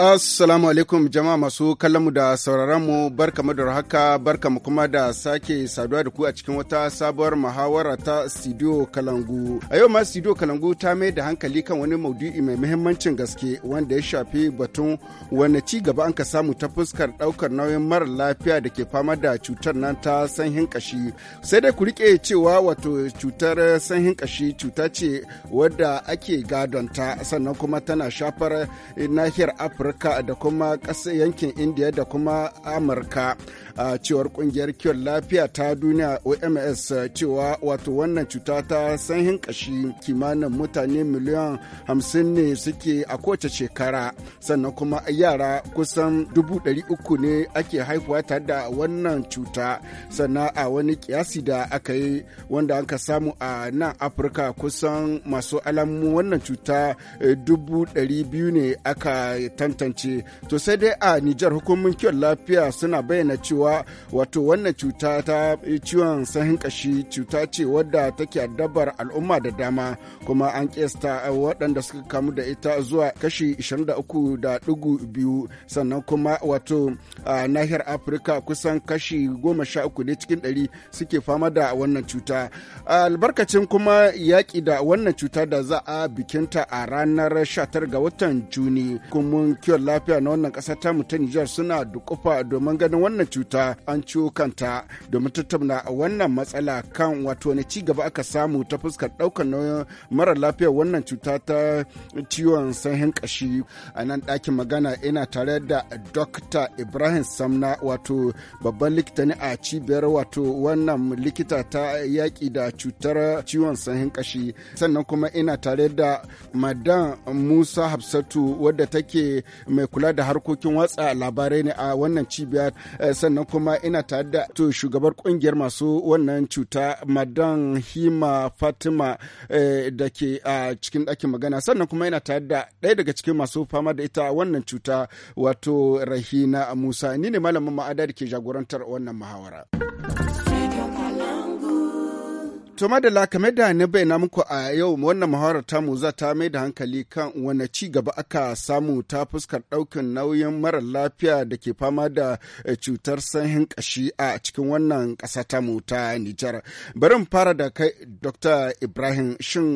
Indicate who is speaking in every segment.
Speaker 1: Assalamu alaikum jama'a masu kallonmu da sauraronmu mu da haka mu kuma da sake saduwa da ku a cikin wata sabuwar muhawara ta Studio Kalangu. A yau ma Studio Kalangu ta mai da hankali kan wani maudu'i mai muhimmancin gaske wanda ya shafi batun wani ci gaba an ka samu ta fuskar ɗaukar nauyin mara lafiya da ke fama da cutar nan ta sanyin kashi. Sai dai ku rike cewa wato cutar sanyin kashi cuta ce wadda ake gadonta sannan kuma tana shafar nahiyar Afirka Amurka da kuma ƙasa yankin indiya da kuma amurka a cewar ƙungiyar kiwon lafiya ta duniya oms cewa wato wannan cuta ta sanhin kashi kimanin mutane miliyan 50 ne suke a kowace shekara sannan kuma yara kusan 300 ne ake haihuwa tare da wannan cuta sannan a wani kiyasi da aka yi wanda ka samu a nan afirka kusan masu alamu wannan cuta 200 eh, ne aka tantance to sai dai a Nijar hukumin kiwon lafiya suna bayyana cewa wato wannan cuta ta ciwon sahin kashi cuta ce wadda take addabar al'umma da dama kuma an kesta waɗanda suka kamu da ita zuwa kashi 23.2 sannan kuma wato a nahiyar Afirka kusan kashi 13 ne cikin 100 suke fama da wannan cuta albarkacin kuma yaƙi da wannan cuta da za a bikinta a ranar 19 ga watan Juni kiwon lafiya na wannan ƙasar ta ta Nijar suna dukufa domin ganin wannan cuta an ciwo kanta domin tattauna wannan matsala kan wato ne ci gaba aka samu ta fuskar ɗaukar nauyin mara lafiya wannan cuta ta ciwon sahin kashi a nan ɗakin magana ina tare da Dr. Ibrahim Samna wato babban likita ne a cibiyar wato wannan likita ta yaƙi da cutar ciwon sahin kashi sannan kuma ina tare da madan Musa Hafsatu wadda take mai kula da harkokin watsa labarai ne a wannan cibiya eh, sannan kuma ina tare da to shugabar kungiyar masu wannan cuta madan hima fatima eh, da ke a cikin ɗakin magana sannan kuma ina tare da ɗaya daga cikin masu fama da ita wannan cuta wato rahina musa ni ne malamin ma'ada da ke jagorantar wannan muhawara. To madala kamar da na bayyana muku a yau wannan muhawarar tamu za ta mai da hankali kan wane ci gaba aka samu ta fuskar ɗaukin nauyin mara lafiya da ke fama da eh, cutar sanyin kashi a cikin wannan ƙasa tamu ta Nijar. Bari mu fara da kai Dr. Ibrahim shin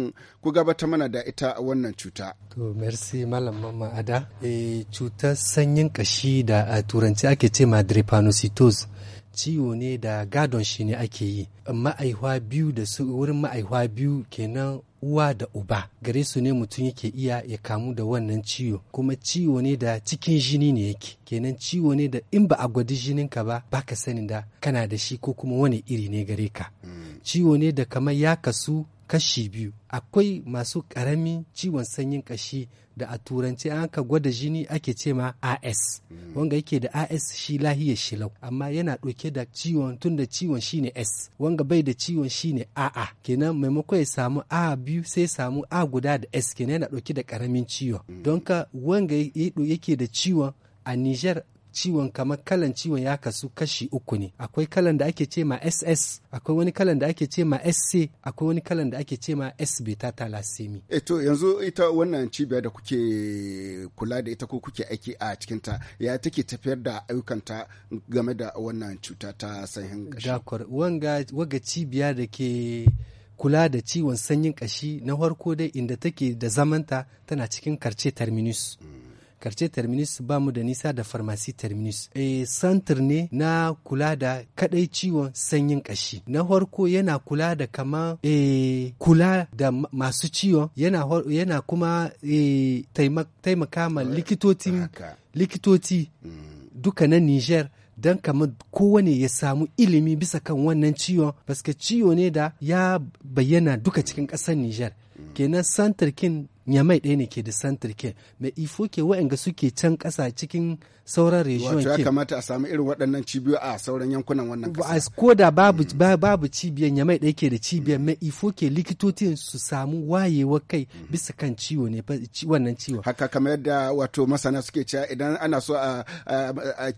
Speaker 1: ku gabata mana da ita wannan cuta.
Speaker 2: To merci malam mama ada. E, cutar sanyin kashi da a turanci ake ce ma drepanocytosis ciwo ne da gadon shi ne ake yi ma'aihwa biyu da su wurin ma'aihwa biyu kenan uwa da uba gare su ne mutum yake iya ya kamu da wannan ciwo kuma ciwo ne da cikin jini ne yake kenan ciwo ne da in ba a gwadi ka ba baka sanin da kana da shi ko kuma wani iri ne gare ka hmm. ciwo ne da kamar ya kasu kashi biyu akwai masu karamin ciwon sanyin kashi da a turanci an ka gwada jini ake ce ma as wanga yake da as shi lahiyar shilau amma yana ɗauke da ciwon tun da ciwon shine s wanga bai da ciwon shine A kenan maimakon ya samu a biyu sai samu a guda da s kenan yana ɗauke da karamin ciwon don ka wanga yake da ciwon a niger ciwon kamar kalan ciwon ya kasu kashi uku ne akwai kalan da ake ce ma ss akwai wani kalan da ake ce ma sc akwai wani kalan da ake ce ma s beta thalassemia
Speaker 1: eto eh yanzu ita wannan cibiya da kuke kula da ita ko kuke aiki a cikin ta ya take tafiyar da ayyukanta game da
Speaker 2: wannan cuta ta sanyin kashi dakor wanga waga cibiya da ke kula da ciwon sanyin kashi na farko dai inda take da zamanta tana cikin karce terminus mm. karce terminus ba mu da nisa da farmasi terminus e santir ne na kula da kadai ciwon sanyin kashi na farko yana kula da kama e kula da masu ciwon yana, kuma e, taimaka ma likitoci mm. duka na niger don kama kowane ya samu ilimi bisa kan wannan ciwon paske ciwo ne da ya bayyana duka cikin ƙasar Nijar. Mm. kenan santarkin nyamai ɗaya ne ke da central care mai ifo ke waɗanda suke can ƙasa cikin sauran region wato ya
Speaker 1: kamata a samu irin waɗannan cibiyo a sauran yankunan wannan ƙasa
Speaker 2: ko da babu mm. babu cibiyar nyamai ɗaya ke da cibiyar mai mm. ifo ke likitocin su samu wayewa kai mm. bisa kan ciwo ne wannan ciwo haka kamar
Speaker 1: yadda wato masana suke cewa idan ana so a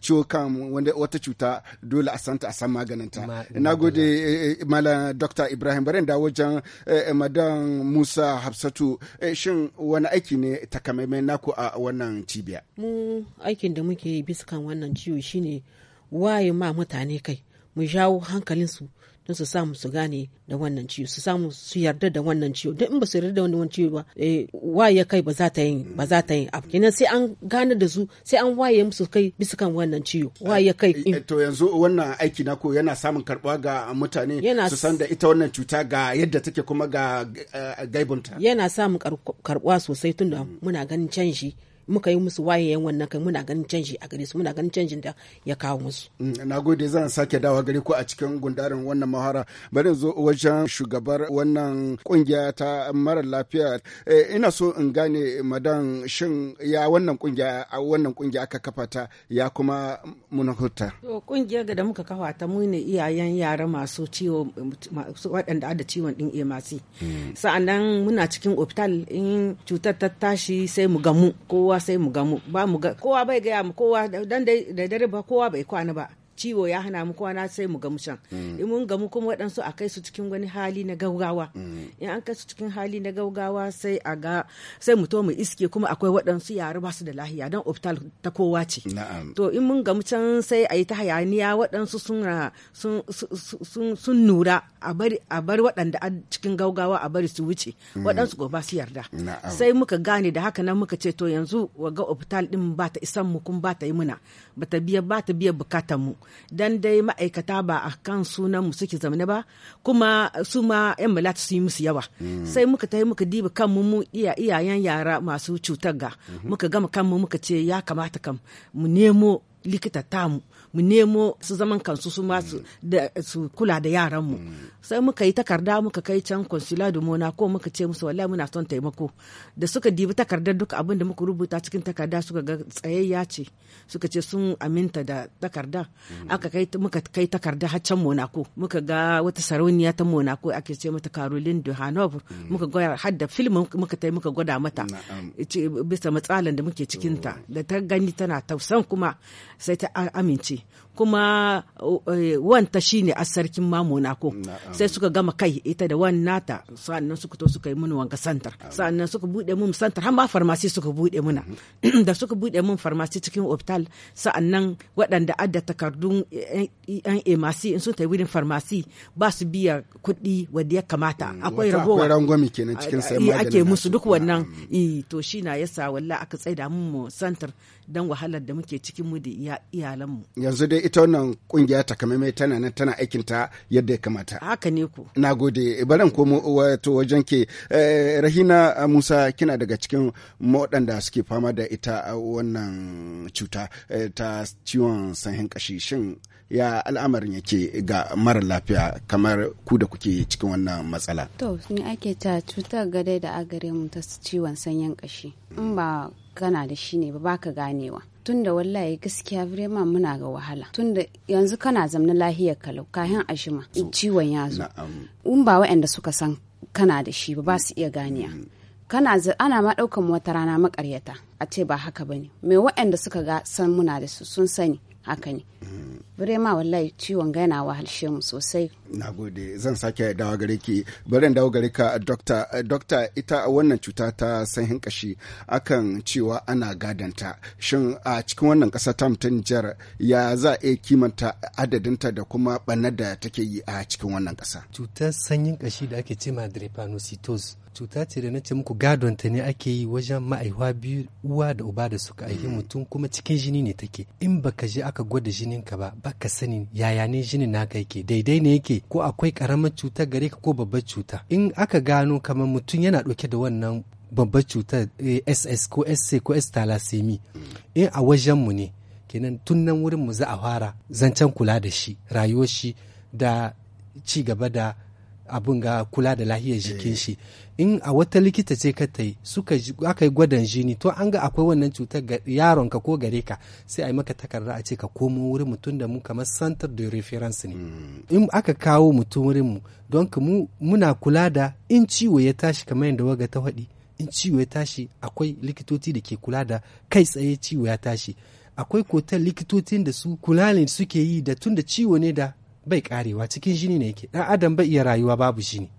Speaker 1: ciwo kan wata cuta dole a santa a san maganinta na gode eh, eh, malam dr ibrahim barin da wajen eh, madan musa hafsatu shin shin wani aiki ne takamaimai naku a wannan cibiya
Speaker 3: mu aikin da muke biskan wannan ciwo shine waye ma mutane kai mu jawo hankalinsu don su samu su gane da wannan ciwo su samu su yarda da wannan ciwo don in ba su yarda da wannan ciwo ba eh, waye kai ba za ta yin ba za ta yin abu
Speaker 1: kenan sai an gane da su sai an waye musu kai bisa kan wannan ciwo waye kai eh, eh, to yanzu wannan aiki na ko yana samun karbuwa ga mutane su san da ita wannan cuta ga yadda take kuma ga gaibunta yana samun karbuwa sosai tunda muna ganin canji
Speaker 3: muka yi musu wayayen wannan kai muna ganin canji a gare su muna ganin canjin da ya kawo musu.
Speaker 1: Mm, na gode zan sake dawa gare ku a cikin gundarin wannan mahara bari zo wajen shugabar wannan kungiya ta mara lafiya eh, ina so in gane madan shin ya wannan kungiya a wannan kungiya aka kafa ta ya kuma hutta.
Speaker 3: to kungiyar da muka kafa ta mu ne iyayen yara masu ciwo waɗanda da ciwon ɗin emasi mm. sa'annan muna cikin opital in cutar ta tashi sai mu gamu kowa kowa sai mu gamu ba mu ga kowa bai gaya mu kowa dan da dare ba kowa bai kwana ba ciwo ya hana mu na sai mu gamu can mm. in mun gamu kuma waɗansu a kai su cikin wani hali na gaugawa mm. in an kai su cikin hali na gaugawa sai a ga sai mu to mu iske kuma akwai waɗansu yare ba su da lahiya don optal ta kowa ce to in mun gamu can sai a yi ta hayaniya waɗansu sun nura a bari a bar waɗanda a cikin gaugawa a bari su wuce mm. waɗansu gobe su yarda sai muka gane da haka nan muka ce to yanzu wa waga optal din ba ta isan mu kuma ba ta yi muna ba ta biya ba ta biya bukatar mu dan dai ma'aikata ba a kan sunan mu suke zamane ba kuma su ma yan malata su yi musu yawa mm. sai muka ta yi muka diba kan mu iya iyayen yara masu cutar ga mm-hmm. muka gama kan mu muka ce ya kamata kan mu nemo likita tamu mu nemo su zaman kansu su ma su kula da yaran mu sai muka yi takarda muka kai can consular de monaco muka ce musu wallahi muna son taimako da suka dibi takardar duka abin da muka rubuta cikin takarda suka ga tsayayya ce suka ce sun aminta da takarda aka kai muka kai takarda har can monaco muka ga wata sarauniya ta monaco ake ce mata caroline de hanover muka gwada har da film muka tai muka gwada mata bisa matsalan da muke cikin ta da ta gani tana tausan kuma sai ta amince kuma eh, wanta shine a sarkin ma Monaco sai suka gama kai ita da wan nata sa'annan suka to suka yi mun wanka santar sa'annan suka bude mun santar har ma farmasi suka bude muna mm-hmm. da suka bude mun farmasi cikin hospital sa'annan waɗanda adda takardun yan eh, eh, emasi in sun tafi wurin farmasi ba su biya kuɗi wadda ya kamata mm, akwai rabuwa rangwami kenan cikin sai magani ake musu duk wannan to shi na yasa wallahi aka tsaida mun santar don wahalar da muke cikin mu da iyalanmu.
Speaker 1: Yanzu dai ita wannan kungiya takamaimai tana nan tana aikin ta yadda ya kamata. Haka ne ku. Na gode baran ko wato wajen ke eh, Rahina eh, Musa kina daga cikin waɗanda suke fama da ita eh, wannan cuta eh, ta ciwon sanyin kashi shin ya al'amarin yake ga mara lafiya kamar ku da kuke cikin wannan matsala.
Speaker 4: To ni ake ta cutar gadai da agare mu ta ciwon sanyin kashi. In ba kana da shi ne ba ka ganewa tunda wallahi gaskiya birema muna ga wahala tunda yanzu kana zamna lahiyar kalau kayan ashima ciwon ya zo in ba waɗanda suka san kana da shi ba su iya ganiya mm-hmm. kana ana ma ɗaukan wata rana makaryata a ce ba haka bane mai waɗanda suka ga san muna da su sun sani haka ne mm-hmm. ma wallahi ciwon gana wa harshe mu sosai.
Speaker 1: Na gode zan sake dawo gare ki bari dawo gare ka dokta dokta ita wannan cuta ta sanyin kashi akan cewa ana gadanta shin a cikin wannan kasa ta mutun jar ya za a iya kimanta adadinta da kuma ɓannar da take yi a cikin wannan kasa.
Speaker 2: Cutar sanyin kashi da ake cema drepanocytosis cuta ce da nace ce muku gadonta ne ake yi wajen ma'aihuwa biyu uwa da uba da suka aihi hmm. mutum kuma cikin jini ne take in baka je aka gwada jinin ka ba baka sani yaya ne jinin naka yake daidai ne yake ko akwai karamar cuta gare ka ko babbar cuta in aka gano kamar mutum yana dauke da wannan babbar cutar eh, ss ko sc ko s talasemi hmm. in a wajen mu ne kenan tun nan wurin mu za a fara zancen kula da shi rayuwar shi da ci gaba da abin ga kula da lahiyar eh. jikin shi in a wata likita ce ka tai suka aka yi gwadon jini to an ga akwai wannan cutar ga yaron ka ko gare ka sai a yi maka takarda a ce ka komo wurin mutum da mu kamar center de reference ne hmm. in aka kawo mutum wurin mu don mu muna kula da in ciwo ya tashi kamar yadda waga ta faɗi in ciwo ya tashi akwai likitoci da ke kula da kai tsaye ciwo ya tashi akwai kotar likitocin da su kula ne suke yi da tun da ciwo ne da bai karewa cikin jini ne yake dan adam bai iya rayuwa babu jini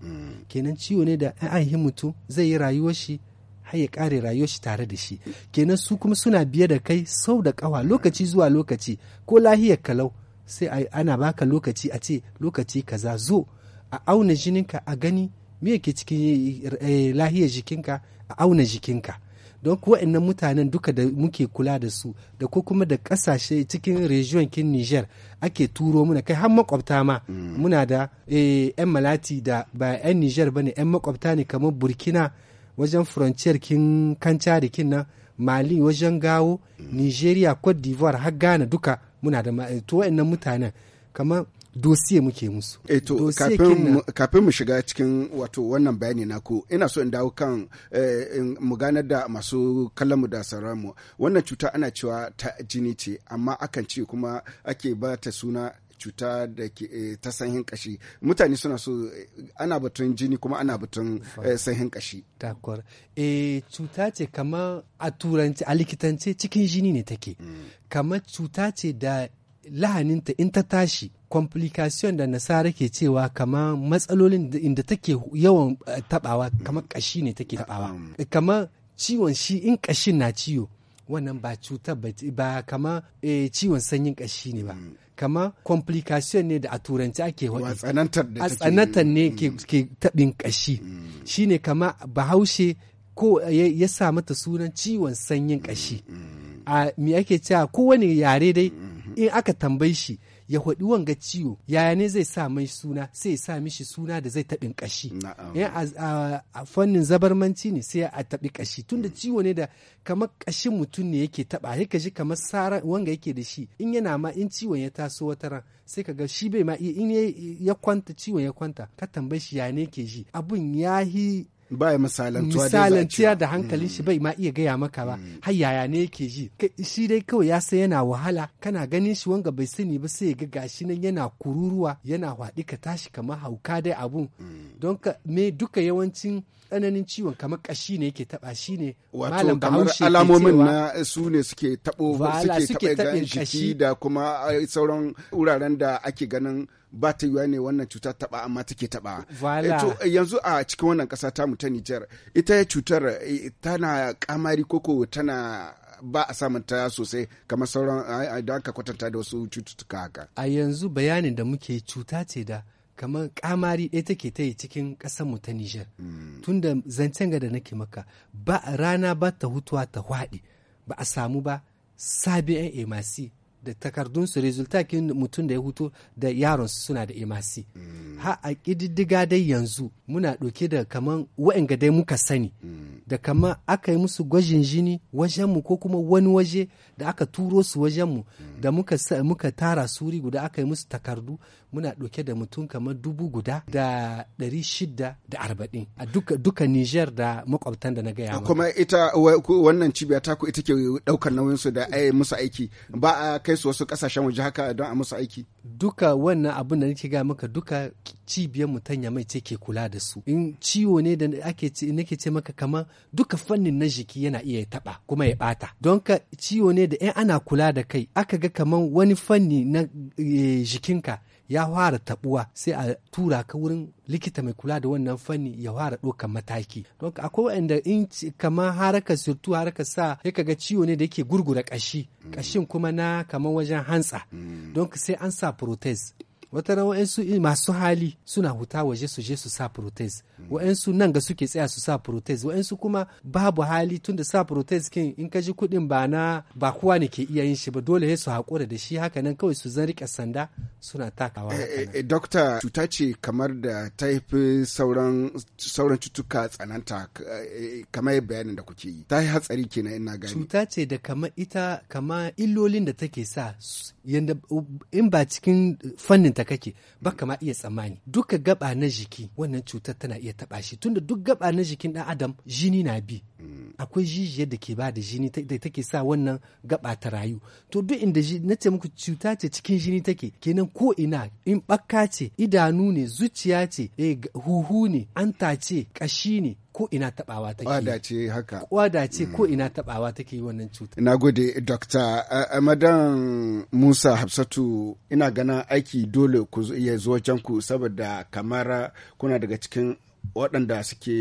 Speaker 2: kenan ciwo ne da an aihin mutum zai yi rayuwar shi har ya kare rayuwar shi tare da shi kenan su kuma suna biye da kai sau da kawa lokaci zuwa lokaci ko lahiyar kalau sai ana baka lokaci a ce lokaci kaza zo a auna jininka a gani me yake cikin eh, eh, lahiyar jikinka a auna jikinka don kuwa innan mutanen duka da muke kula da su da ko kuma da kasashe cikin region kin Niger ake turo muna kai har makwabta ma mm. muna da yan eh, malati da ba yan Niger ne yan makwabta ne kamar Burkina wajen frontier kin Kancari kin nan Mali wajen Gawo mm. Nigeria Cote d'Ivoire har Ghana duka muna da to wayannan mutanen kamar dosiye muke musu.
Speaker 1: Eto, eh kafin mu shiga cikin wato wannan bayani naku ina so in dawo kan eh, mu ganar da masu kallonmu mu da sauran wannan cuta ana cewa ta jini ce amma akan ce kuma ake ba ta suna cuta da ke eh, ta sanhin kashi mutane suna so ana batun jini kuma ana
Speaker 2: batun sanhin kashi dakwar e cuta ce kamar a turanci a likitance cikin jini ne take mm. Kamar cuta ce da lahaninta in ta tashi complication da nasara ke cewa kama matsalolin inda take yawan eh, tabawa kama kashi ne take tabawa mm. kama ciwon shi in kashin na ciwo wannan ba cutar ba kama eh, ciwon sanyin kashi ne ba mm. kama complication ne da a turanci ake a tsanantar ne mm. ke taɓin kashi shine kama bahaushe ko eh, ya sa mata sunan ciwon sanyin kashi a me ake cewa kowane yare dai in aka tambayi shi ya faɗi wanga ciwo yaya ne zai sa mai suna sai ya sa mishi suna da zai taɓin ƙashi in eh, a fannin zabarmanci ne sai a taɓi ƙashi tunda mm. ciwo ne da kamar ƙashin mutum ne yake taɓa sai ka ji kamar sara wanga yake da shi in yana ma in ciwon ya taso wata ran sai ka ga shi bai ma in ya kwanta ciwon ya kwanta ka tambayi shi yaya ne ke ji abun ya yi ba misalantuwa da misalantiya da hankalin shi mm. bai ma iya gaya maka ba mm. har yaya ne yake ji shi dai kawai ya san yana wahala kana ganin shi wanga bai sani ba sai ya ga gashi nan yana kururuwa yana hwaɗi ka tashi kamar hauka dai abun mm. don ka me duka yawancin tsananin ciwon kamar kashi ne yake taba shi ne malam bahaushe ke alamomin na
Speaker 1: su ne suke tabo suke taɓe kashi da kuma eh, sauran wuraren da ake ganin ba ta yiwa ne wannan cuta taba amma take taba eh, to eh, yanzu a cikin wannan ƙasa ta mu ta Nijar ita cutar tana kamari koko tana ba a samun ta sosai kamar sauran da aka kwatanta da wasu cututtuka haka
Speaker 2: a yanzu bayanin da muke cuta ce da kamar kamari ɗaya take ta yi cikin mu ta Nijar. Mm. Tunda zancen ga da nake maka ba rana ba ta hutuwa ta hwaɗi ba a samu ba sabi 'yan emasi da takardunsu resultakin mutum da ya hutu da yaronsu suna da imasi mm. ha a ƙididdiga dai yanzu muna ɗauke da kaman wa'anga dai muka sani mm. da kaman aka yi musu gwajin jini wajenmu ko kuma wani waje da aka turo su wajenmu mm. da muka, muka tara suri guda aka yi musu takardu muna ɗauke da mutum kamar dubu guda da ɗari shida da arba'in a duka, duka Nijar da makwabtan da na gaya kuma
Speaker 1: ita wannan cibiya taku ita ke ɗaukar nauyinsu da musu aiki ba a kai kai su wasu kasashen waje haka don a musu aiki
Speaker 2: duka wannan abin da nake ga maka duka cibiyar mu mai ce ke kula da su in ciwo ne da ce nake ce maka kamar duka fannin na jiki yana iya ya taba kuma ya bata don ka ciwo ne da in ana kula da kai aka ga kamar wani fanni na eh, jikinka ya fara tabuwa sai a tura ka wurin likita mai kula da wannan fanni ya fara ɗaukar mataki don akwai wanda in kamar haraka surtu haraka sa ya kaga ciwo ne da yake gurgura kashi kashin mm. kuma na kamar wajen hantsa mm. don sai an sa protest wata ran wa'ansu masu hali suna huta waje su je su sa protest wa'ansu nan ga suke tsaya su sa protest wa'ansu kuma babu hali tunda sa protest kin in ka ji kuɗin ba na ba kowa ne ke iya yin shi ba dole sai su haƙura da shi haka nan kawai su zan rike sanda suna takawa eh, eh, eh, dokta
Speaker 1: cuta ce kamar da ta fi sauran sauran cutuka tsananta kamar bayanin da kuke yi ta yi hatsari kenan ina gani
Speaker 2: cuta ce da kamar ita kama illolin da take sa yanda in ba cikin fannin ta kake baka ma iya tsammani duka gaba na jiki wannan cutar tana iya taba shi tunda duk gaba na jikin dan adam jini na bi mm. akwai jijiyar da ke ba da jini da take sa wannan gaba ta rayu to duk inda na ce muku cuta ce cikin jini take kenan ko ina in bakka ce idanu ne zuciya ce eh, huhu ne anta ce kashi ne ko ina tabawa take kwada ce haka kwada ce ko hmm. ina tabawa take wannan cuta.
Speaker 1: na gode dr madan musa hafsatu ina gana aiki dole ku ya zo can ku saboda kamar kuna daga cikin waɗanda suke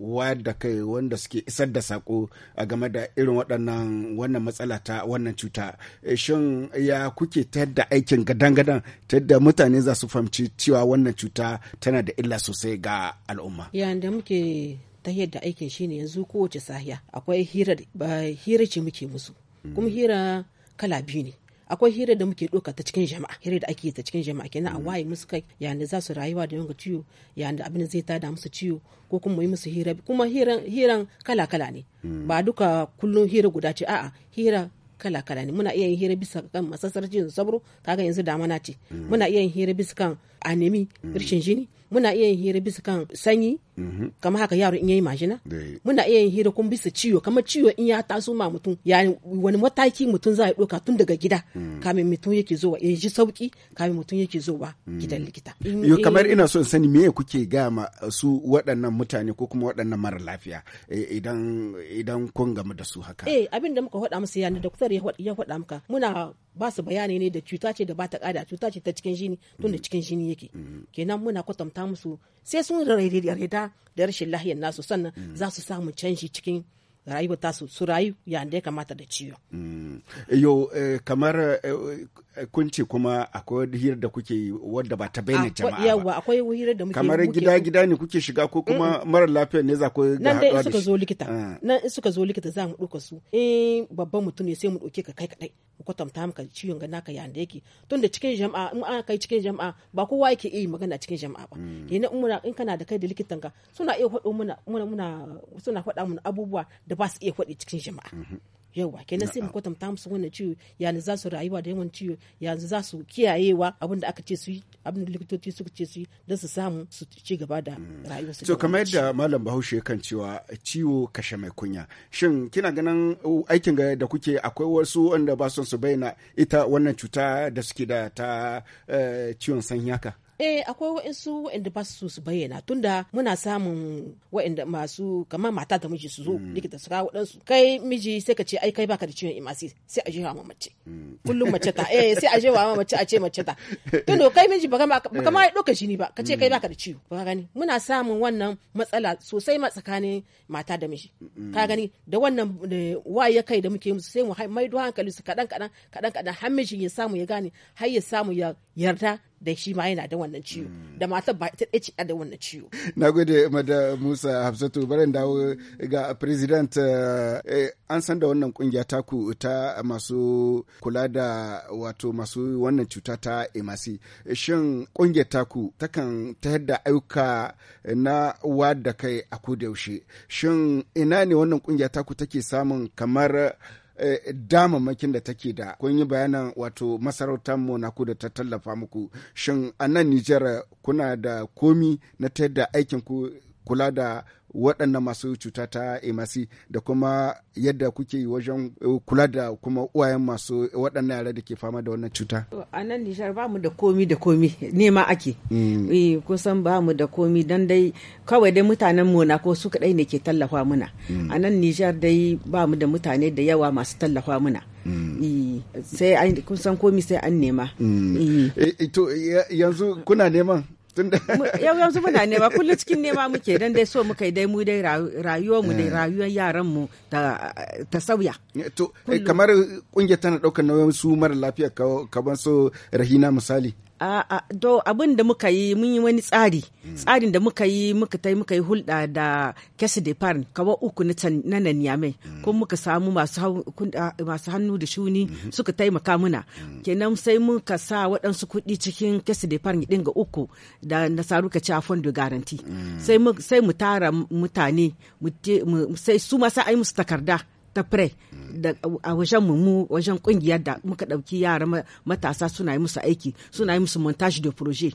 Speaker 1: wayar da kai wanda suke isar da sako a game da irin waɗannan wannan matsala ta wannan cuta eh, shin ya kuke ta yadda aikin gadan-gadan ta yadda mutane za su fahimci cewa wannan cuta tana da illa sosai ga al'umma
Speaker 3: yayin da muke ta yadda aikin shine yanzu kowace sahiya akwai hira hira ce muke musu kuma hira kala biyu ne akwai hira da muke doka ta cikin jama'a hira da ake ta cikin jama'a kenan a waye musu kai yanda za su rayuwa da yanga ciwo yanda abin zai tada musu ciwo ko kuma yi musu hira kuma hiran hiran kala kala ne ba duka kullum hira guda ce a'a hira kala kala ne muna iya yin hira bisa kan masasar jin sabro kaga yanzu damana ce muna iya yin hira bisa kan anemi mm. rashin jini muna iya yin hira bisa kan sanyi Mm-hmm. kamar haka yaro in yayi majina muna iya yin hira kun bisa ciwo kamar ciwo in ya taso ma mutum ya wani mataki mutum za ya doka tun daga gida mm. kamin mutum yake zuwa ya ji sauki kamin mutum yake zuwa gidan mm. likita yo kamar ina so
Speaker 1: in sani me kuke ga ma su waɗannan mutane ko kuma waɗannan mara lafiya eh, idan idan kun gamu da su haka
Speaker 3: eh abin da muka faɗa musu yana da kutar ya faɗa muka muna ba su bayani ne da cuta ce da ba ta kada cuta ce ta cikin jini tun da mm. cikin jini yake kenan muna kwatanta musu sai sun rarraida da rashin lahiyar nasu sannan za su samu canji cikin rayuwa ta su rayu yadda ya kamata da
Speaker 1: ciwo. Mm. Yo eh, kamar eh, kunci kuma akwai hira da kuke yi wadda ba ta bayyana jama'a ba. Yawa
Speaker 3: akwai hira da muke Kamar gida
Speaker 1: gida ne kuke shiga ko kuma mara lafiya ne za ku ga Nan dai suka zo likita. Ah.
Speaker 3: Nan suka zo likita za mu ɗauka su. eh babban mutum ne sai mu ɗauke ka kai kadai mu ta maka ciwon gana ka yanda yake tun cikin jama'a in an kai cikin jama'a ba kowa yake iya magana cikin jama'a ba mm. kenan in in kana da kai da likitan ka suna iya faɗo muna muna suna faɗa mana abubuwa da ba su iya faɗi cikin jama'a mm-hmm. yauwa kenan sai mu kwatanta musu wannan ciwo yanzu za su rayuwa da yawan ciwo yanzu za su kiyayewa abin da aka ce su yi abin da likitoci suka ce su yi don su samu su ci gaba da mm. rayuwa su to kamar
Speaker 1: yadda malam bahaushe kan cewa ciwo kashe mai kunya shin kina ganin uh, aikin da kuke akwai wasu wanda ba son su bayyana ita wannan cuta da suke da ta eh, ciwon sanyi haka
Speaker 3: eh akwai wa'insu wa'inda ba su su bayyana tunda muna samun wa'inda masu kamar mata da miji su zo mm. likita su kawo waɗansu kai miji sai ka ce ai kai baka da ciwon imasi sai a wa mace mm. kullum mace ta eh sai a wa mace a ce mace ta tunda kai miji ba kama ya eh. ɗauka jini ba ka ce kai mm. baka da ciwo ba gani muna samun wannan matsala sosai ma tsakanin mata da miji ka gani da wannan waye kai da muke musu sai mu maido hankali su kaɗan kaɗan kaɗan kaɗan har miji ya samu ya gane har ya samu ya yarda da shi ma yana da wannan ciwo hmm. da matar ba ta ɗaci da wannan ciwo.
Speaker 1: Na gode mada Musa Hafsatu barin dawo ga president eh, eh, an san da wannan kungiya ku ta masu kula da wato masu wannan cuta ta emasi eh, shin kungiyar ta takan ta yadda ayyuka na wadda kai a kodayaushe yaushe shin ina ne wannan kungiya ku take samun kamar Eh, damammakin da take da kun yi bayanan wato masarautar ku da ta tallafa muku shin a nan nijar kuna da komi na ta yadda aikin ku kula da waɗannan masu cuta ta AMC da kuma yadda kuke wajen eh, kula da kuma uwayen masu waɗannan yara da ke fama da wannan cuta?
Speaker 3: A nan Nijar ba mu da komi da komi nema ake. Mm. Eh, kusan ba mu da komi don dai kawai dai mutanen mona ko su kaɗai ne ke tallafa muna. Mm. A nan Nijar dai ba mu da mutane da yawa masu tallafa muna. Mm. Eh, sai an kusan komi sai an nema.
Speaker 1: To yanzu kuna neman? yanzu
Speaker 3: muna nema kullum cikin nema muke dan dai so muka dai mu dai rayuwar mu dai eh. rayuwar yaran mu ta sauya
Speaker 1: eh, to eh, kamar kungiyar tana ɗaukar nauyin su mara lafiya kaban so rahina misali
Speaker 3: to abin da muka yi mun yi wani tsari tsarin da muka yi muka tai muka yi hulɗa da kesi de parn kawo uku na nan yamai ko muka samu masu hannu da shuni suka taimaka muna kenan sai muka sa waɗansu kuɗi cikin kesi de farn ɗin ga uku da nasaru ka ci a fondo garanti sai mu tara mutane sai su ma sa ai musu takarda ta pre da a wajen mu mu wajen kungiyar da muka dauki yara matasa suna yi musu aiki suna yi musu montage de projet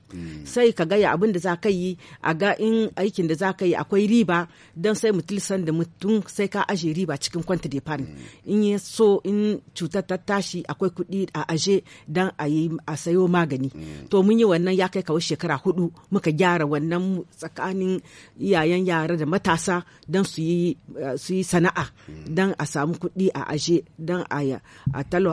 Speaker 3: sai ka ga abin da za ka yi a ga in aikin da za ka yi akwai riba don sai mutum san da mutum sai ka aje riba cikin kwanta de pan in ya so in cutar ta tashi akwai kuɗi a aje don a yi a sayo magani to mun yi wannan ya kai kawai shekara hudu muka gyara wannan tsakanin iyayen yara da matasa don su yi sana'a don a samu kuɗi a ashe don a talo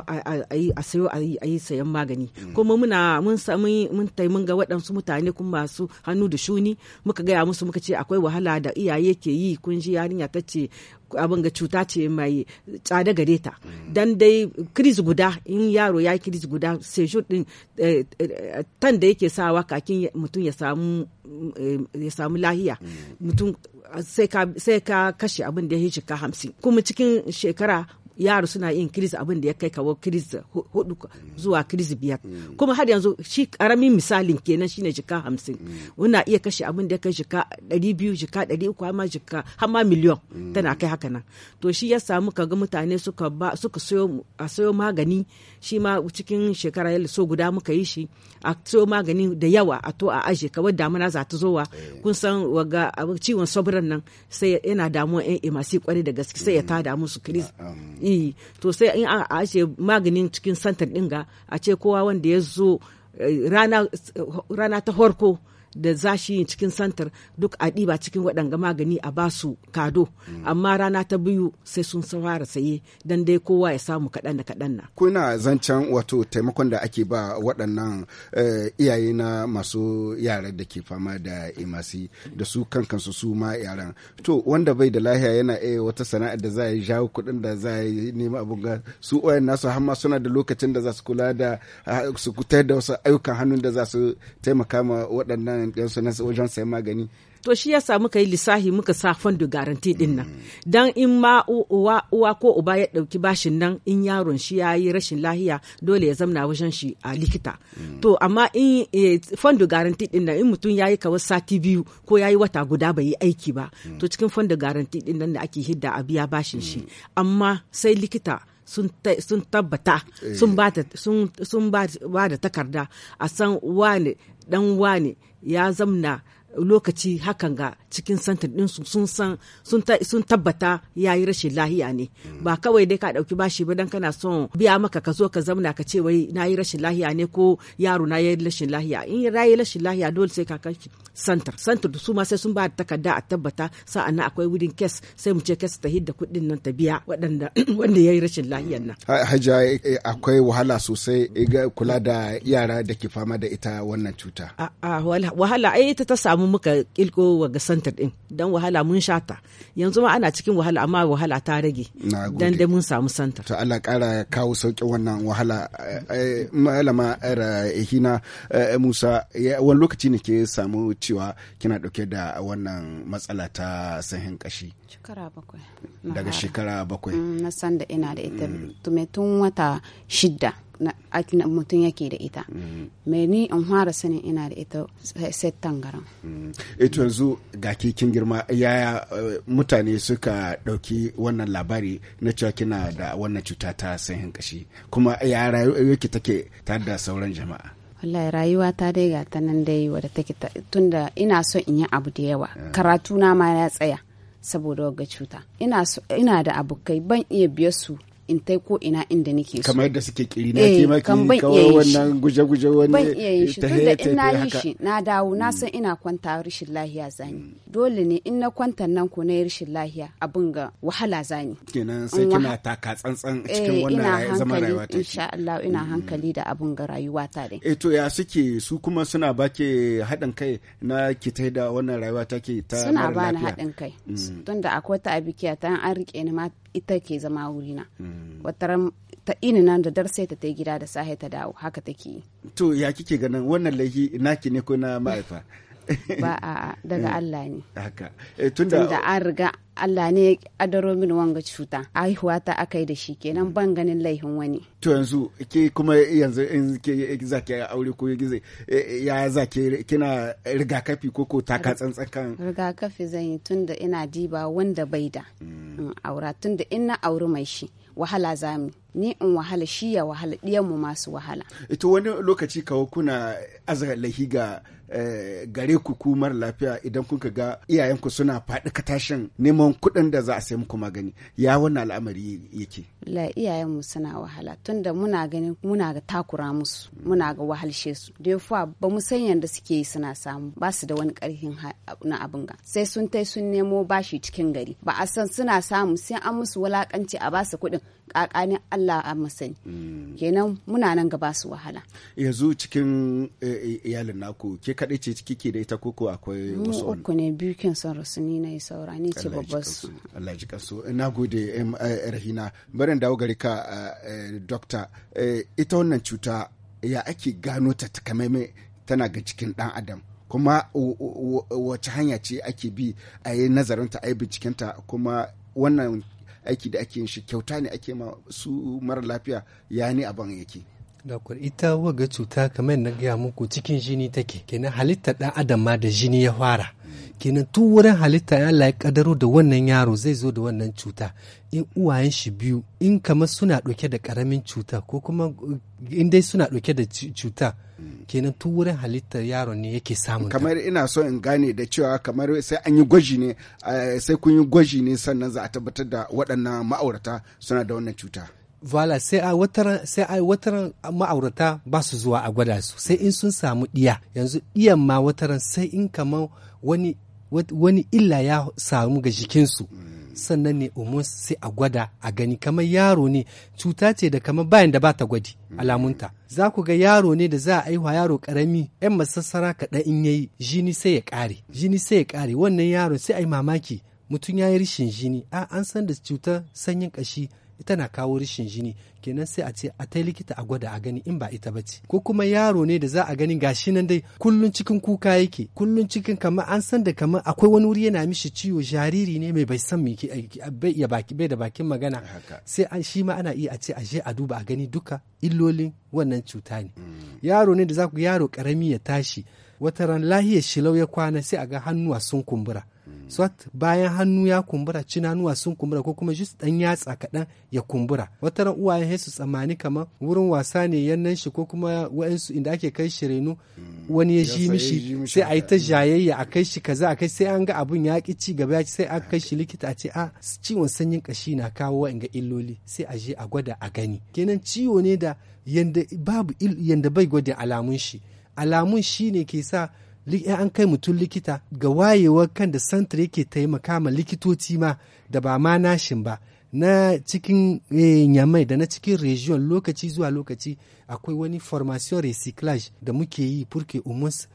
Speaker 3: a sayo a yi sayan magani mm. kuma muna mun samu mun taimun ga waɗansu mutane kuma masu hannu da shuni muka gaya musu muka ce akwai wahala da iyaye ke yi kun ji yarinya ta ce abin ga cuta ce mai tsada gare ta dan dai kiris guda in yaro ya yi kiris guda seizure din eh, eh, tan da yake sawa kakin mutum eh, ya samu lahiya mutum sai ka kashe abin da ya shika hamsin kuma cikin shekara yaro suna yin kiris abin da ya kai kawo kiris hudu zuwa kiris biyar kuma har yanzu shi karamin misalin kenan shine jika hamsin muna iya kashe abin da ya kai jika ɗari biyu jika ɗari uku har ma jika har miliyon tana kai haka nan to shi ya samu kaga mutane suka ba suka sayo a sayo magani shi ma cikin shekara yalla so guda muka yi shi a sayo magani da yawa a to a aje kawai damuna za ta zowa kun san waga ciwon sabran nan sai yana damuwa yan imasi kwarai da gaske sai ya tada su kiris eh to sai in a ashe maganin cikin santar ɗin ga a ce kowa wanda ya zo eh, eh, rana ta horko da za shi cikin santar duk a ɗiba cikin waɗanga magani a ba su kado amma rana ta biyu sai sun fara saye don dai kowa ya samu kaɗan da kaɗan na.
Speaker 1: kuna zancen wato taimakon da ake ba waɗannan eh, iyaye na masu yaran da ke fama da imasi da su kankansu su ma yaran to wanda bai da lahiya yana iya wata sana'a da za a yi jawo kuɗin da za a yi nema abun ga su oyan nasu ma suna da lokacin da za su kula da su kutar da wasu ayyukan hannun da za su taimaka ma waɗannan mutanen na wajen sayan magani
Speaker 3: to shi yasa muka yi lissahi muka sa fondo garanti din nan dan in ma uwa ko uba ya dauki bashin nan in yaron shi ya yi rashin lahiya dole ya zamna wajen shi a likita to amma in eh, fondo garanti din nan in mutum ya yi kawai sati biyu ko ya yi wata guda bai yi aiki ba to cikin fondo garanti din nan da ake hidda a biya bashin shi amma sai likita sun tabbata eh. sun ba da takarda a san wane ɗan wane ya zamna lokaci hakan ga cikin santin ɗinsu sun san sun tabbata ya yi rashin lahiya ne ba kawai dai ka ɗauki bashi ba dan kana son biya maka ka zo ka zamna ka ce wai na yi rashin lahiya ne ko yaro na yi rashin lahiya in ya yi rashin lahiya dole sai ka kai santar santar su ma sai sun ba takarda a tabbata sa'an nan akwai wurin kes sai mu ce kes ta hidda kuɗin nan ta biya waɗanda wanda ya yi rashin lahiyan
Speaker 1: nan. Hajja eh, eh, akwai wahala sosai eh, ga kula da yara da ke fama da ita wannan cuta.
Speaker 3: Wahala ai ita ta samu mu muka kilko ga santar din dan wahala mun shata yanzu ma ana cikin wahala amma wahala ta rage dan da
Speaker 1: mun samu santar to Allah kara kawo sauki wannan wahala eh, eh, malama ehina eh, Musa wani lokaci ne ke samu cewa kina dauke da wannan matsala ta sahin kashi
Speaker 4: shekara bakwai
Speaker 1: daga shekara bakwai mm,
Speaker 4: na san da ina da ita mm. tun wata shidda na mutum yake da ita mai mm-hmm. ni in fara sanin ina da ita set tangaran ito
Speaker 1: mm-hmm. yanzu ga kin girma yaya eh, mutane suka ɗauki wannan labari na cewa kina da wannan cuta ta sanyin kashi kuma ya rayuwarki take tare da sauran jama'a
Speaker 4: wallahi rayuwa ta dai ga ta nan dai wadda take tunda ina so in yi abu da yawa karatu na ma ya tsaya saboda wagga cuta ina da abokai ban iya biya su in tai ko ina inda nake so kamar
Speaker 1: yadda suke kiri na ke eh, maki kawai wannan guje guje wani ban iya yin shi tunda in na yi shi
Speaker 4: na dawo na san ina kwanta rashin lahiya zani dole ne in na kwanta nan ko na rashin lahiya abin ga wahala zani
Speaker 1: kenan sai kina taka tsantsan cikin eh, wannan zaman rayuwa ta insha
Speaker 4: Allah ina mm. hankali da abin ga rayuwa ta dai eh
Speaker 1: to ya suke su kuma suna bake haɗin kai na kitai da wannan rayuwa take ta suna bani haɗin kai mm.
Speaker 4: tunda akwai ta abikiya ta an rike ni ma ita ke zama wurina mm. wataran ta ini nan da darsai ta tai gida da sahe ta dawo haka take
Speaker 1: to ya kike ganin wannan laifi naki ne ko na ma'aifa ba
Speaker 4: a daga eh, Allah ne
Speaker 1: haka eh, tunda
Speaker 4: an riga Allah ne ya min wanga cuta aihuwa ta aka yi da shi kenan ban ganin laihin wani
Speaker 1: to yanzu ke kuma yanzu in ke za aure ko gize eh, ya za kina rigakafi ko ko taka tsantsan kan
Speaker 4: rigakafi zan yi tunda ina diba wanda bai da mm. aura tunda ina aure auri mai shi wahala zamu ni in wahala shi ya wahala ɗiyanmu masu wahala.
Speaker 1: ita wani lokaci kawo kuna azara lahi ga eh, gare ku kumar lafiya idan kuka ga iyayenku suna faɗi katashin neman kuɗin da za a sai muku magani ya wannan al'amari yake.
Speaker 4: La iyayenmu suna wahala tunda muna ganin muna ga takura musu muna ga wahalshe su da yafuwa ba mu san yadda suke yi suna samu ba su da wani ƙarfin na abin ga sai sun tai sun nemo bashi cikin gari ba a san suna samu sai an musu wulakanci a ba su kuɗin kakanin Allah a musani mm. kenan muna nan gaba su wahala
Speaker 1: yanzu cikin eh, eh, iyalin naku ke kaɗai ce kike da ita koko akwai wasu wani
Speaker 4: uku ne biyu kin son rasu ni na yi saura
Speaker 1: ni ce babbar su Allah ji kansu na gode eh, rahina barin dawo gari ka doctor ita wannan cuta ya ake gano ta takamaimai tana ga cikin dan adam kuma wace hanya ce ake bi a yi nazarinta a yi bincikenta kuma wannan aiki da ake yin shi kyauta ne ake ma su mara lafiya ya ne ban yake
Speaker 2: Dakwar ita waga cuta kamar na gaya muku cikin jini take kenan halitta ɗan adam ma da jini ya fara kenan tun wurin halitta ya Allah ya kadaro da wannan yaro zai zo da wannan cuta in uwayen shi biyu in kama suna ɗauke da ƙaramin cuta ko kuma eh, in dai suna ɗauke da cuta kenan tun wurin halitta yaro ne yake samun kamar
Speaker 1: ina so in gane da cewa kamar sai an yi gwaji ne eh, sai kun yi gwaji ne sannan za a tabbatar da waɗannan ma'aurata suna da wannan cuta
Speaker 2: Vala sai a watar sai a ma'aurata ba su zuwa a gwada su sai in sun samu ɗiya yanzu ɗiyan ma wataran sai in kamar wani wani illa ya samu ga jikinsu sannan ne umar sai a gwada a gani kamar yaro ne cuta ce da kamar bayan da ba ta gwadi alamunta za ku ga yaro ne da za a aihuwa yaro karami yan masassara kaɗan in yayi jini sai ya ƙare jini sai ya ƙare wannan yaro sai a yi mamaki mutum ya yi rishin jini an san da cutar sanyin ƙashi ita na kawo rashin jini kenan sai a ce a ta likita a gwada a gani in ba ita ba ce ko kuma yaro ne da za a gani gashi nan dai kullun cikin kuka yake kullun cikin kamar an san da kamar akwai wani wuri yana mishi ciwo jariri ne mai bai san me bai da bakin magana sai an shi ma ana iya a ce a je a duba a gani duka illolin wannan cuta ne mm. yaro ne da za ku yaro karami ya tashi wata wataran lahiyar shilau ya kwana sai a ga hannuwa sun kumbura swat bayan hannu ya kumbura cinanuwa sun kumbura ko kuma just dan yatsa kaɗan ya kumbura wata ran uwayen hesu tsammani kamar wurin wasa ne yannan shi ko kuma wa'ansu inda ake kai shi reno mm. wani ya ji mishi sai a yi ta jayayya a kai shi kaza a kai sai an ga abun ya ki ci gaba ya sai a kai shi likita a ce a ah, ciwon sanyin kashi na kawo wa'anga illoli sai a je a gwada a gani kenan ciwo ne da yanda babu yanda bai gwada alamun shi alamun shi ne ke sa Eh, an kai mutum likita ga wayewar kan da santar yake taimaka ma likitoci ma da ba ma nashin ba na cikin eh, nyamai da na cikin region lokaci zuwa lokaci akwai wani formation recyclage da muke yi purke umus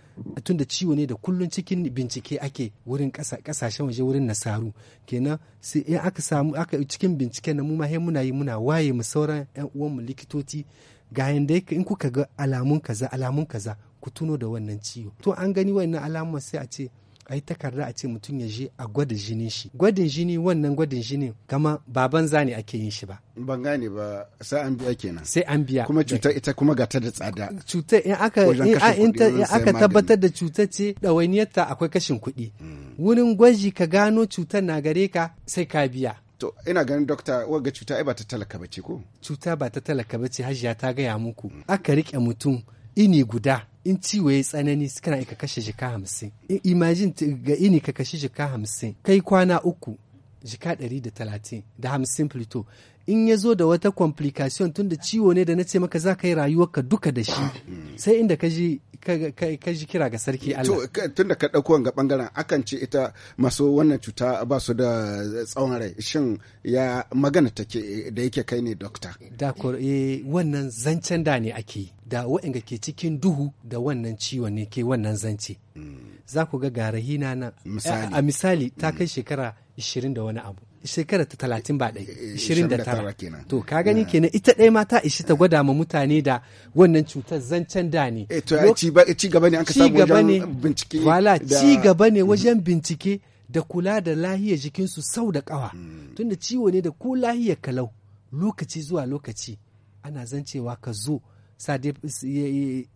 Speaker 2: tun da ciwo ne da kullun cikin bincike ake wurin kasashen waje wurin nasaru kenan sai in aka samu aka cikin bincike na mu ma muna yi muna waye mu sauran yan uwanmu likitoci ga yadda in kuka ga alamun kaza alamun kaza ku tuno da wannan ciwo to an gani wannan alamar sai a ce a yi takarda a ce mutum ya je a gwada jinin shi gwadin jini wannan gwadin jinin kama ba banza ne ake yin shi ba
Speaker 1: ban gane ba sai an biya kenan sai an biya kuma cutar ita kuma ga ta da tsada
Speaker 2: cutar in aka in aka tabbatar da cutar ce dawainiyarta akwai kashin kuɗi hmm. wurin gwaji ka gano cutar na gare ka sai ka biya
Speaker 1: To ina ganin dokta wanga cuta ba ta talaka bace ko?
Speaker 2: Cuta ba ta talaka bace hajiya ta gaya muku. Aka riƙe mutum ini guda in ciwo ya tsanani kana ka kashe jika hamsin imagine ga ini ka kashe jika hamsin kai kwana uku jika ɗari da talatin da hamsin plito in ya zo da wata complication tunda ciwo ne da na ce maka za ka yi ka duka da shi sai inda ka ji ka ji kira ga sarki Allah.
Speaker 1: Tunda ka ɗauko ga bangaren akan ce ita masu wannan cuta ba su da tsawon rai shin ya magana take da yake kai ne dokta.
Speaker 2: Eh, wannan zancen da ne ake da wa'inga ke cikin duhu da wannan ciwon ne ke wannan zance. Hmm. Za ku ga garahina nan. A misali ta kai shekara 20 da wani abu. shekara ta talatin ba ɗai eh, eh, ishirin da tara to ka gani kenan ita ɗaya mata ishi ta gwada ma mutane da wannan cutar zancen da ne eh, ci gaba ne an wajen bincike ne wajen mm. bincike da kula da lahiyar jikinsu sau da ƙawa mm. tunda ciwo ne da ko lahiyar kalau lokaci zuwa lokaci ana zancewa ka zo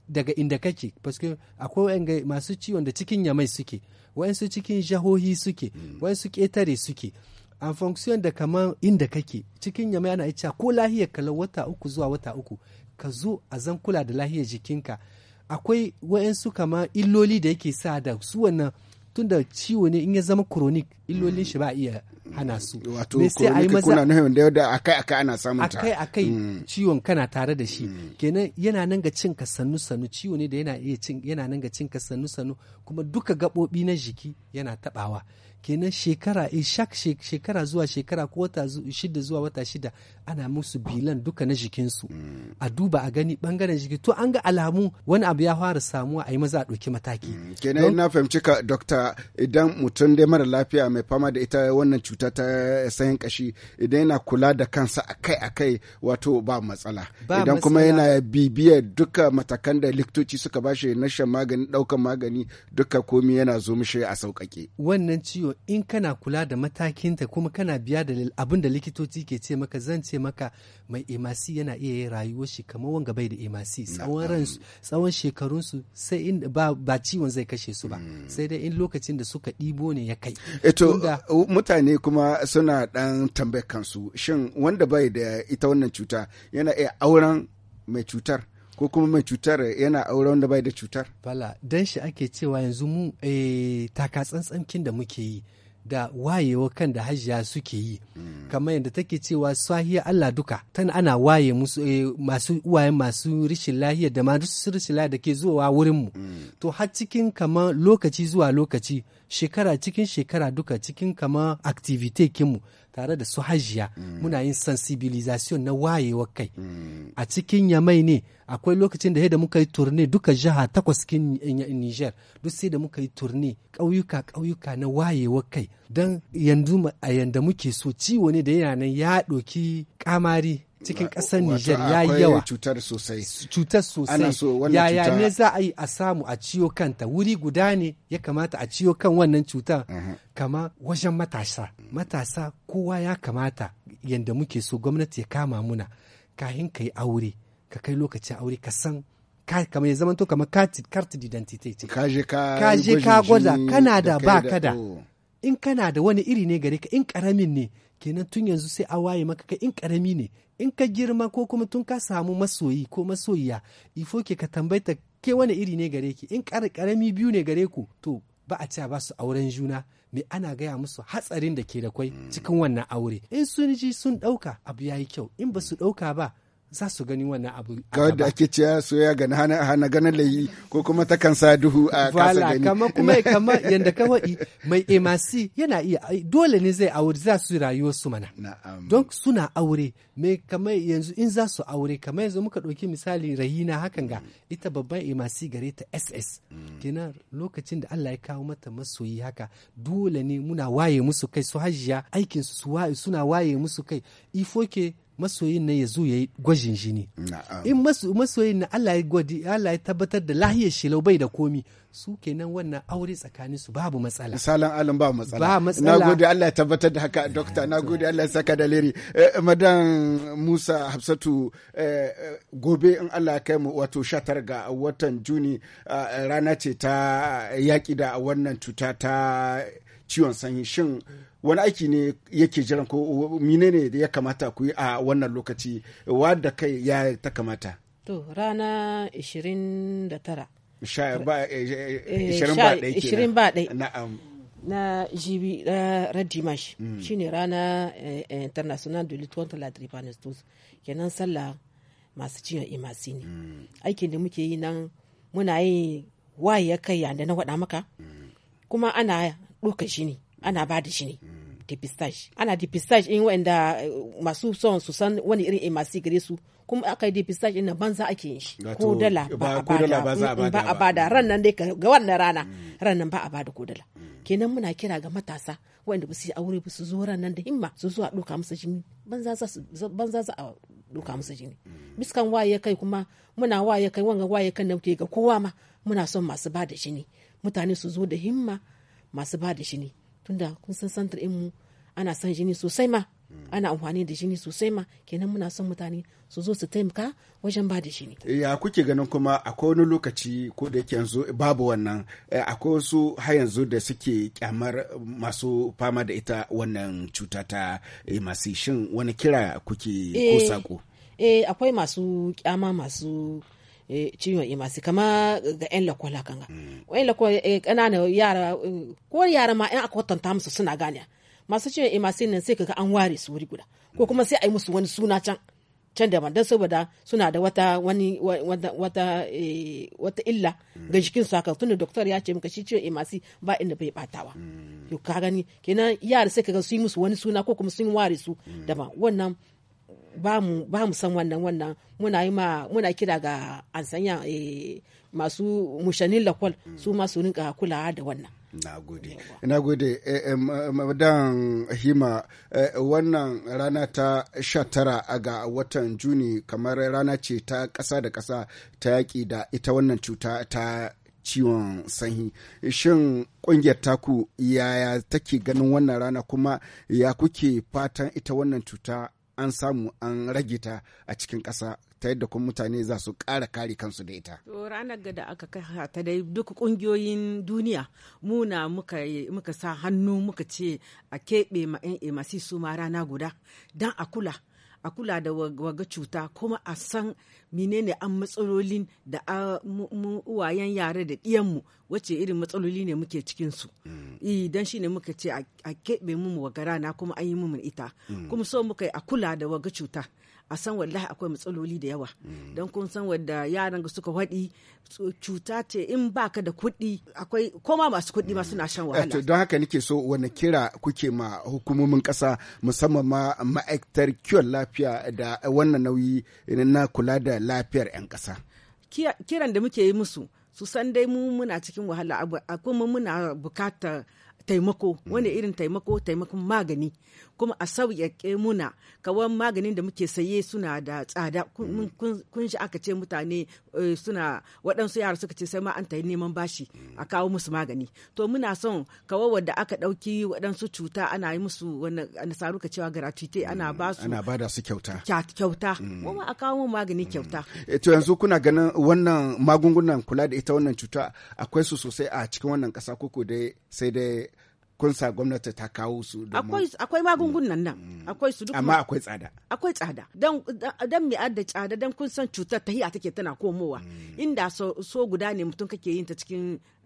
Speaker 2: daga inda kake paske akwai masu ciwon da cikin yamai suke wa'yansu cikin jahohi suke mm. wa'yansu ƙetare suke an function da kamar inda kake cikin yamma yana iya ko lahiyar kala wata uku zuwa wata uku ka zo a zan kula da lahiyar jikinka akwai wa'yansu kama illoli da yake sa da su wannan tun da ciwo ne in ya zama chronic illolin shi ba iya hana su wato chronic kuna
Speaker 1: nufin da yadda akai akai ana samun ta akai akai mm.
Speaker 2: ciwon kana tare da shi mm. kenan yana nan ga cinka sannu sannu ciwo ne da yana iya cin yana nan ga cinka sannu sannu kuma duka gabobi na jiki yana tabawa kenan shekara eh, shak shekara zuwa shekara ko wata shida zuwa wata shida ana musu bilan duka na jikinsu a duba a gani bangaren jiki to an ga alamu wani abu ya fara samuwa a yi maza a ɗauki mataki mm, kenan
Speaker 1: na fahimci ka dokta idan mutum dai mara lafiya mai fama da ita wannan cuta ta sayan kashi idan yana kula da kansa akai akai wato ba matsala idan kuma yana bibiyar duka matakan da likitoci suka bashi na shan magani ɗaukan magani duka komi yana zo mishi a sauƙaƙe
Speaker 2: wannan ciwo in kana kula da matakinta kuma kana biya da abin da likitoci ke ce maka zan ce maka mai emasi yana iya yin rayuwar shi kamar wanga bai da emasi mm. tsawon shekarun sai in ba, ciwon zai kashe su ba mm. sai dai in lokacin da suka ɗibo ne ya kai eto eh uh,
Speaker 1: mutane kuma suna ɗan tambayar kansu shin wanda bai da ita wannan cuta yana iya auren mai cutar ko kuma mai cutar yana aure wanda bai da cutar bala
Speaker 2: dan shi ake cewa yanzu mu eh, taka tsantsankin da muke yi da wayewa kan da hajiya suke yi mm. kamar yadda take cewa sahiya Allah duka tana ana waye musu eh, masu uwaye masu rishin lahiya da masu rishin lahiya da ke zuwa wurinmu mm. to har cikin kamar lokaci zuwa lokaci shekara cikin shekara duka cikin kamar activity kinmu tare da su hajiya mm. muna yin sensibilization na wayewa kai mm. a cikin yamai ne akwai lokacin da da muka yi turne duka jiha takwas kin eh, Niger duk sai da muka yi turne ƙauyuka ƙauyuka na wayewa kai don yanzu a yanda muke so ciwo ne da yana nan ya ɗoki kamari cikin ƙasar Nijar ya yi yawa. cutar sosai. Cutar sosai. Yaya ne za a yi a samu a ciyo kanta wuri guda ne ya kamata a ciyo kan wannan cutar kama wajen matasa. Matasa kowa ya kamata yadda muke so gwamnati ya kama muna kahin ka yi aure ka kai lokacin aure ka san kama ya zama to kama kartin identity ce. Ka je ka gwada kana da ba kada. Oh. in kana da wani iri ne gare ka in karamin ne kenan tun yanzu sai a waye maka kai in karami ne in ka girma ko kuma tun ka samu masoyi ko masoyiya ifo ke ka tambayta ke wani iri ne gare ki in karami biyu ne gare ku to ba a cewa ba su auren juna me ana gaya musu hatsarin da ke da kwai cikin wannan aure in sun ji sun ɗauka abu ya yi kyau in ba su ɗauka ba za su gani wannan abu ga
Speaker 1: wanda ake cewa soya gani hana hana ganin layi ko kuma ta kan sa duhu a kasa gani kama kuma kama yanda ka
Speaker 2: mai emasi yana iya dole ne zai aure za su rayuwar su mana don suna aure mai kama yanzu in za su aure kama yanzu muka ɗauki misali rayina hakan ga ita babban emasi gare ta ss gina lokacin da Allah ya kawo mata masoyi haka dole ne muna waye musu kai su hajiya aikin su suna waye musu kai ifoke masoyin na ya zo ya yi gwajin jini in masoyin na Allah ya gwadi Allah ya tabbatar da lahiyar shi bai da komi su kenan wannan aure tsakanin su babu matsala misalan alam ba matsala ba matsala nagode Allah
Speaker 1: ya tabbatar da haka doctor nagode Allah ya saka daliri eh, eh, madan Musa Hafsatu eh, gobe in Allah ya kai mu wato 19 ga watan Juni rana ce ta yaki da wannan cuta ta ciwon sanyi shin wani aiki ne yake jiran ko menene da ya kamata ku yi a wannan lokaci wadda kai ya ta kamata
Speaker 3: to rana 29
Speaker 1: eh, eh, eh, ishirin ba ɗai
Speaker 3: na jibi na radimash hmm. shine rana international de lutte contre la kenan sallah masu ciwon imasi ne hmm. aikin da muke yi nan muna yi waye kai yanda na waɗa maka hmm. kuma ana ɗaukar jini ana ba da jini depistage ana depistage in wanda eh, masu son su san wani irin emasi gare su kuma aka yi depistage ina banza ake yin shi ko dala ba a bada ran nan dai ga wannan rana mm. ran nan ba a bada ko dala mm. kenan muna kira ga matasa wanda ba su yi aure ba su zo ran nan da himma su zo a ɗauka musu jini banza za a ɗauka musu jini mm. biskan waye kai kuma muna waye kai wanga waye kan nauke ga kowa ma muna son masu bada jini mutane su zo da himma masu ba da jini tunda kun san santar mu ana san jini sosai ma ana amfani da jini sosai ma kenan muna son mutane su zo su taimaka wajen ba da jini.
Speaker 1: Eh, ya kuke ganin kuma akwai wani lokaci ko da yake yanzu babu wannan eh, akwai wasu har yanzu da suke kyamar masu fama da ita wannan cuta ta eh, masu shin wani kira kuke ko sako.
Speaker 4: Eh
Speaker 3: akwai masu kyama masu Eh, ciwon imasi kama ga 'yan lakwala kanga mm. wani lakwala eh, ƙananan yara ko yara ma 'yan akwatanta musu suna gane masu ciwon imasi nan sai kaga an ware su wuri guda ko kuma sai a yi musu wani suna can can daban don saboda suna da wata wani wata wata eh, illa mm. ga jikin su haka tunda doktor ya ce muka shi ciwon imasi ba inda bai batawa mm. to ka gani kenan yara sai kaga su yi musu wani suna ko kuma sun ware su daban wannan ba mu san wannan wannan muna yi muna kira ga an sanya eh, masu mushanin lakwal ma su masu rinka kulawa da wannan
Speaker 1: na gode eh, eh, madan hima wannan rana ta 19 ga watan juni kamar rana ce ta ƙasa da kasa ta yaƙi da ita wannan cuta ta ciwon sanyi shin kungiyar taku yaya take ganin wannan rana kuma ya kuke fatan ita wannan cuta an samu an rage ta a cikin ƙasa ta yadda kuma mutane za su ƙara kare kansu da ita.
Speaker 3: To ranar da aka kai ta dai duk ƙungiyoyin duniya muna muka sa hannu muka ce a keɓe ma 'yan masu su ma rana guda don a kula. a kula da waga cuta kuma a san menene an matsalolin da uwayen yare da ɗiyanmu wacce irin matsaloli ne muke cikin su idan mm. eh, shi ne muka ce a keɓe mu wa rana kuma an yi mu ita mm. kuma so muka yi a kula da waga cuta a san wallahi akwai matsaloli da yawa mm. don kun san wadda yaran suka waɗi cuta ce in baka da kuɗi akwai koma masu kuɗi ma suna shan eh, wahala don
Speaker 1: haka nake so wani kira kuke ma hukumomin ƙasa musamman ma ma'aikatar kiwon lafiya da wannan nauyi na kula da lafiyar 'yan ƙasa
Speaker 3: kiran da muke yi musu su san dai mu muna cikin wahala kuma muna bukatar taimako mm. wani irin taimako taimakon magani kuma a sauyaƙe muna kawan maganin da muke saye suna da tsada kun shi mm. aka ce mutane eh, suna waɗansu yara suka ce sai ma an tayi neman bashi a kawo musu magani to muna son kawo wadda aka ɗauki waɗansu cuta ana yi musu wani ka cewa gratuite ana mm. ba su ana ba da su kyauta kyauta kuma a kawo magani kyauta
Speaker 1: eh, to yanzu kuna ganin wannan magungunan kula da ita wannan cuta akwai su sosai a cikin wannan ƙasa koko dai sai dai kunsa gwamnati ta kawo su akwai
Speaker 3: akwai magungunan nan mm. akwai su duk amma akwai tsada akwai tsada dan dan me adda tsada dan kun san cutar ta hiya take tana komowa mm. inda so, guda ne mutum kake yin ta cikin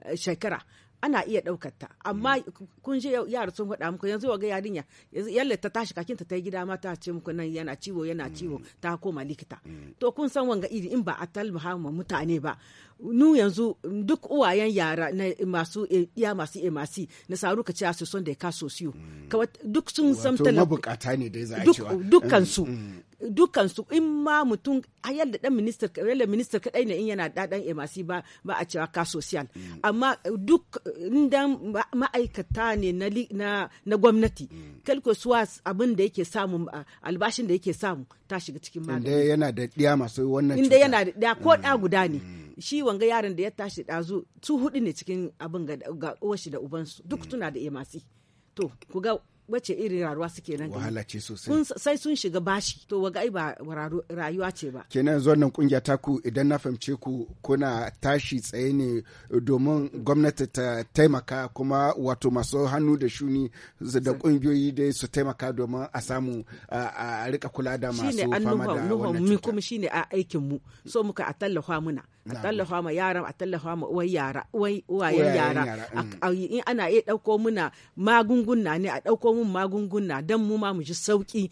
Speaker 3: eh, shekara ana iya daukar ta amma mm. kun je yara sun faɗa muku yanzu wa ga yarinya yalle ta tashi kakin ta ta gida ma ta ce muku nan yana ciwo yana ciwo ta koma likita to kun san wanga iri in ba a talba mutane ba nu yanzu duk uwayen yara na masu eh, iya masu emasi na saru ka ce asusun da ya kaso siyo mm. duk sun san mabukata
Speaker 1: ne dai za a cewa dukkan su mm. mm.
Speaker 3: dukkan su in ma mutum a yadda dan minister yadda minister kadai ne in yana dadan emasi ba ba a cewa ka social amma duk dan ma'aikata ne na na, gwamnati kalko suwas abin da yake samu albashin da yake samu ta shiga cikin magani. Inda
Speaker 1: yana da ɗiya masu wannan cuta. Inda yana da
Speaker 3: ɗiya ko ɗa mm. guda ne. Shi wanga yaron da ya tashi ɗazu su hudu ne cikin abin ga uwar da ubansu duk tuna mm. da emasi. To ku ga wace irin rayuwa suke nan wahala
Speaker 1: ce sosai
Speaker 3: sai sun shiga bashi to waga ai ba rayuwa ce
Speaker 1: ba kenan yanzu wannan kungiya ta ku idan na fahimce ku kuna tashi tsaye ne domin gwamnati ta taimaka kuma wato masu hannu da shuni da kungiyoyi dai su taimaka domin a samu a rika kula da masu fama da wannan cuta shine an kuma
Speaker 3: shine a aikin mu so muka a tallafa muna a tallafa ma yara a tallafa ma uwar yara uwayen yara mm. in ana iya ɗauko muna magunguna ne a ɗauko mun magunguna don mu ma mu ji sauki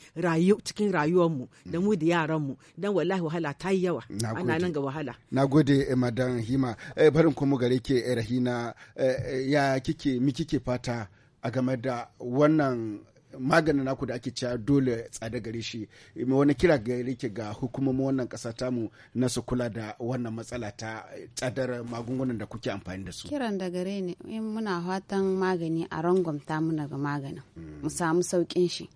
Speaker 3: cikin mu da mu da yaran mu don wallahi wahala ta yi yawa ana nan ga wahala
Speaker 1: na gode eh, madan hima eh, barin kuma gare ke eh, rahina ya kike mi kike fata a game da wannan maganin naku da ake cewa dole tsada gare shi wani kira gare ki ga hukumomin wannan kasa mu na su kula da wannan matsala ta tsadar magungunan da kuke amfani da su
Speaker 4: kiran da gare ne muna fatan magani a rangwamta mu daga maganin mu samu saukin shi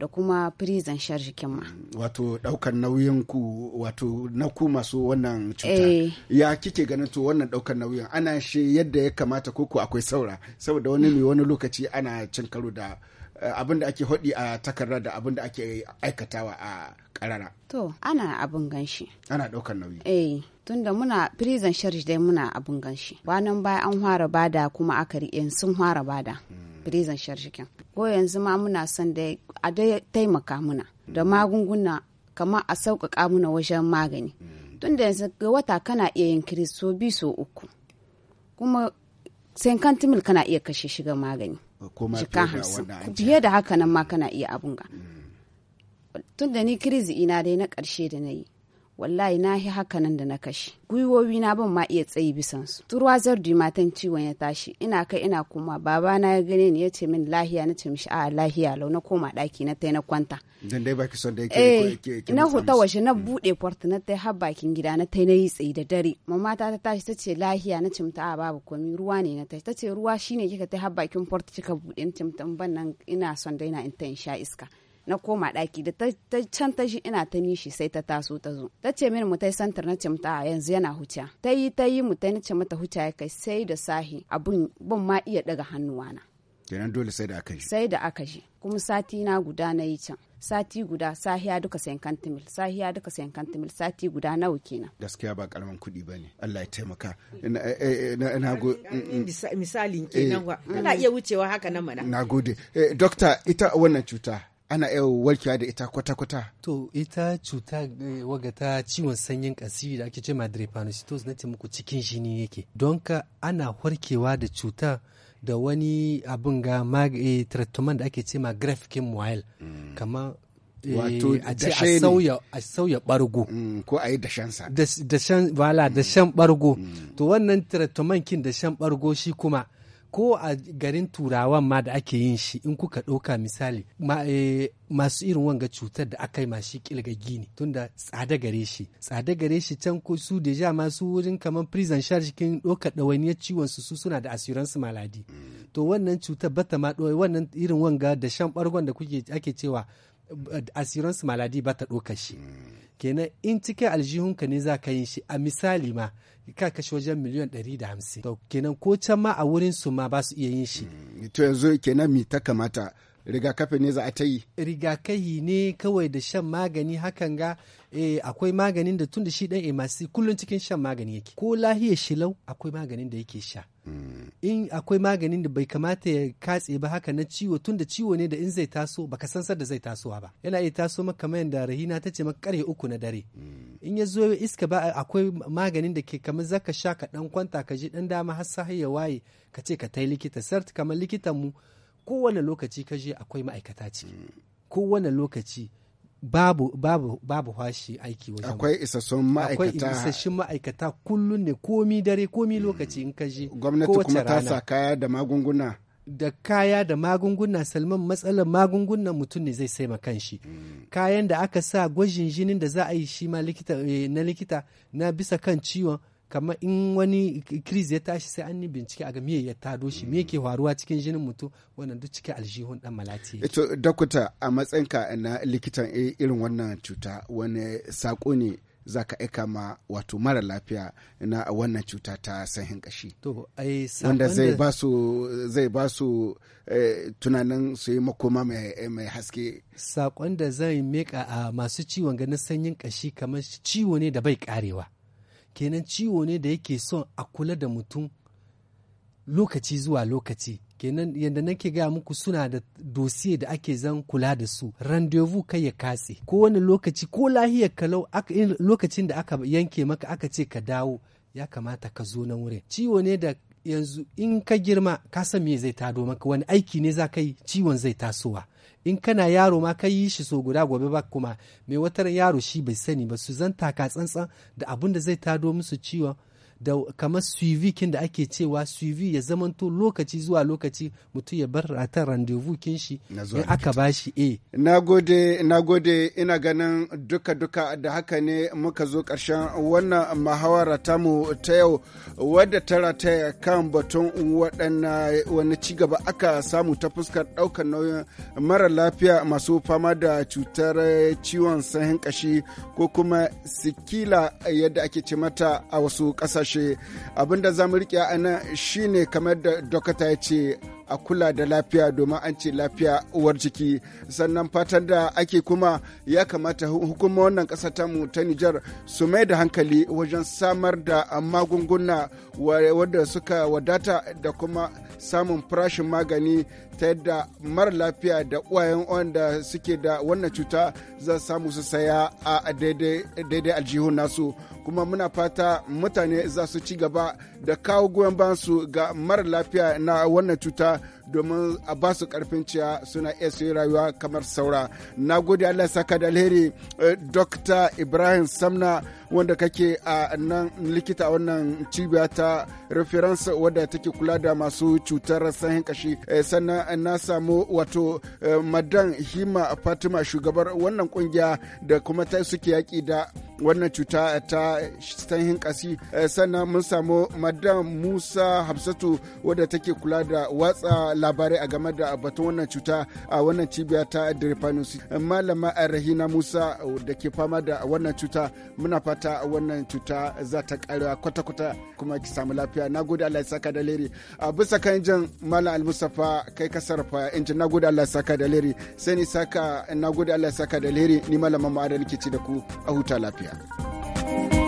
Speaker 4: da kuma prison shar jikin mm,
Speaker 1: Wato ɗaukar nauyin ku wato na ku masu wannan cuta. Eh. Ya kike ganin to wannan ɗaukar nauyin ana shi yadda ya kamata ko akwai saura saboda wani mai wani lokaci ana cin karo da Eh, abin da ake hudi a takarda da abin da ake aikatawa a karara. To, ana abin ganshi. Ana ɗaukar nauyi.
Speaker 4: Eh, tunda muna prison charge dai muna abin ganshi. Banan baya an fara bada kuma aka riƙe sun fara bada. Hmm. Prison charge kin. Ko yanzu ma muna son dai a dai taimaka muna da hmm. magunguna kamar a sauƙaƙa muna wajen magani. Hmm. Tunda yanzu ga wata kana iya yin kiristo biyu so uku. Kuma sai kantimil kana iya kashe shiga magani.
Speaker 1: jika hamsin
Speaker 4: fiye da haka nan ma kana iya abun ga tun da ni kirizi ina dai na karshe da na yi wallahi na yi haka nan da na kashe gwiwowi na ban ma iya tsayi bisan su turwa zardu matan ciwon ya tashi ina kai ina kuma babana ya gane ni ya ce min lahiya na ce mishi a lahiya lau na koma ɗaki na tai na kwanta
Speaker 1: dan dai baki son da yake eh, na huta washe
Speaker 4: na mm. bude kwarta na tai har bakin gida na tai na yi tsayi da dare mamma ta ta tashi tace lahiya na cimta a babu komi ruwa ne na tashi tace ruwa shine kika tai har bakin kwarta kika bude cimta ban nan ina son daina in ta in sha iska na koma ɗaki da ta can ta shi ina ta nishi sai ta taso ta zo ta ce min mu tai santar na cimta a yanzu yana huta ta yi ta yi mu tai na ce mata huta ya kai sai da sahi abun ban ma iya daga hannuwana
Speaker 1: kenan dole sai da aka ji
Speaker 4: sai da aka ji kuma sati na guda na yi can sati guda sahiya duka sayan kantimil sahiya duka sayan kantimil sati guda nawa kenan
Speaker 1: gaskiya ba karamin kuɗi ba ne allah ya taimaka eh, eh, eh, na mm, mm. misalin kenan wa ana iya
Speaker 3: wucewa haka nan mana na
Speaker 1: gode dokta ita wannan cuta ana iya warkewa da ita kwata-kwata.
Speaker 2: To ita cuta waga ta ciwon sanyin kasiri da ake ce ma drepanocytosis na taimako cikin jini yake. Don ka ana warkewa da cuta da wani abin ga e, da ake ce ma grafikin moil mm. kama eh, a sauya bargo mm, ko a yi dashensa dashen bargo mm. to wannan treatment kin dashen bargo shi kuma ko a garin turawan ma da ake yin shi in kuka ɗauka misali eh, masu irin wanga cutar da aka yi mashi kilgaggi ne tunda tsada gare shi tsada gare shi can ko su deja masu wurin kamar prison charge kin ɗauka ɗawainiyar ciwon su su suna da assurance maladi mm. to wannan cutar bata ma ɗoyi wannan irin wanga da shan ɓargon da kuke ake cewa asiransu maladi ba ta ɗauka shi kenan in cikin aljihunka ne za ka yin shi a misali ma ka kashe wajen miliyan da hamsin. kenan ko can ma a wurin su ma ba su iya yin shi mm. to yanzu kenan mi ta kamata rigakafi ne za a ta yi rigakafi ne kawai da shan magani hakan ga e akwai maganin da tun da shi dan emasi kullum cikin shan magani yake ko lahiya shilau akwai maganin da yake sha in akwai maganin da bai kamata ya katse ba haka na ciwo tun da ciwo ne da in zai taso baka san da zai tasowa ba yana iya taso maka kamar yadda rahina ta ce maka karhe uku na dare in ya zo iska ba akwai maganin da ke kamar za ka sha ka dan kwanta ka ji dan dama har sai ya waye ka ce ka tai likita sart kamar likitan mu kowane lokaci ka je akwai ma'aikata ciki kowane lokaci babu babu babu fashi aiki wajen akwai isassun ma'aikata akwai isassun ma'aikata kullun ne komi dare komi mm. lokaci in ka je gwamnati kuma ta sa
Speaker 1: kaya da magunguna
Speaker 2: da kaya da magunguna salman matsalar magungunan mutum ne zai sai ma kanshi mm. kayan da aka sa gwajin jinin da za a yi shi ma likita eh, na likita na bisa kan ciwon kamar in wani kriz ya tashi sai an yi bincike a ga miye ya tado shi me ke faruwa cikin jinin mutum wannan duk cikin aljihun dan malati eh, to
Speaker 1: dokta a matsayinka na likitan irin wannan cuta wani sako ne za aika ma wato mara lafiya na wannan cuta ta sahin kashi
Speaker 2: wanda zai ba
Speaker 1: su zai ba su eh, tunanin su yi makoma
Speaker 2: mai haske sakon da zai mika a masu ciwon ganin sanyin kashi kamar ciwo ne da bai karewa kenan ciwo ne da yake son a kula da mutum lokaci zuwa lokaci kenan yadda nake gaya muku suna da dosiye da ake zan kula da su randevu kai ya katse ko wani lokaci ko lahiyar kalau lokacin da aka yanke maka aka ce ka dawo ya kamata ka zo na wurin ciwo ne da yanzu in ka girma ka san me zai tado maka wani aiki ne za ka yi ciwon zai tasowa in kana yaro ma ka yi shi so guda gobe ba kuma mai wata yaro shi bai sani ba su zan taka tsantsan da abin da zai tado musu ciwon da kamar suivi kin da ake cewa suivi ya zamanto lokaci zuwa lokaci mutum ya bar ratan rendezvous kin shi in aka shi e eh.
Speaker 1: nagode nagode ina ganin duka duka da haka ne muka zo karshen wannan mahawara tamu ta yau wadda ta ta kan batun waɗanna wani cigaba aka samu ta fuskar ɗaukar nauyin mara lafiya masu fama da cutar ciwon sahin kashi ko kuma sikila yadda ake ce mata a wasu ƙasashe Abin da za mu rike a nan shine kamar da dokata ya ce a kula da lafiya domin an ce lafiya uwar jiki sannan fatan da ake kuma ya kamata hukumar wannan ƙasa ta mu ta Nijar su mai da hankali wajen samar da magunguna wadda suka wadata da kuma samun farashin magani ta yadda mara lafiya da uwayen wanda suke da wannan cuta za samu su saya a daidai aljihun nasu kuma muna fata mutane za su ci gaba da kawo goyon su ga mara lafiya na wannan cuta domin a ba su karfin ciya suna iya su rayuwa kamar saura na gode allah saka da alheri eh, dr ibrahim samna wanda kake a nan likita wannan cibiya ta reference wadda take kula da masu cutar sahin kashi eh, sannan na samu wato eh, madan hima fatima shugabar wannan kungiya da kuma ta suke yaƙi da wannan cuta ta sahin kasi sannan mun samu madan musa hafsatu wadda take kula da watsa labarai a game da batun wannan cuta a wannan cibiya ta drepanosis malama rahina musa uh, da ke fama da wannan cuta muna fata wannan cuta za ta karewa kwata-kwata kuma ki samu lafiya na gode allah saka da leri a bisa kan injin malam almusafa kai ka sarrafa injin na gode allah saka da leri sai ni saka na gode allah saka da leri ni malama ma'adar ke ci da ku a huta lafiya. thank you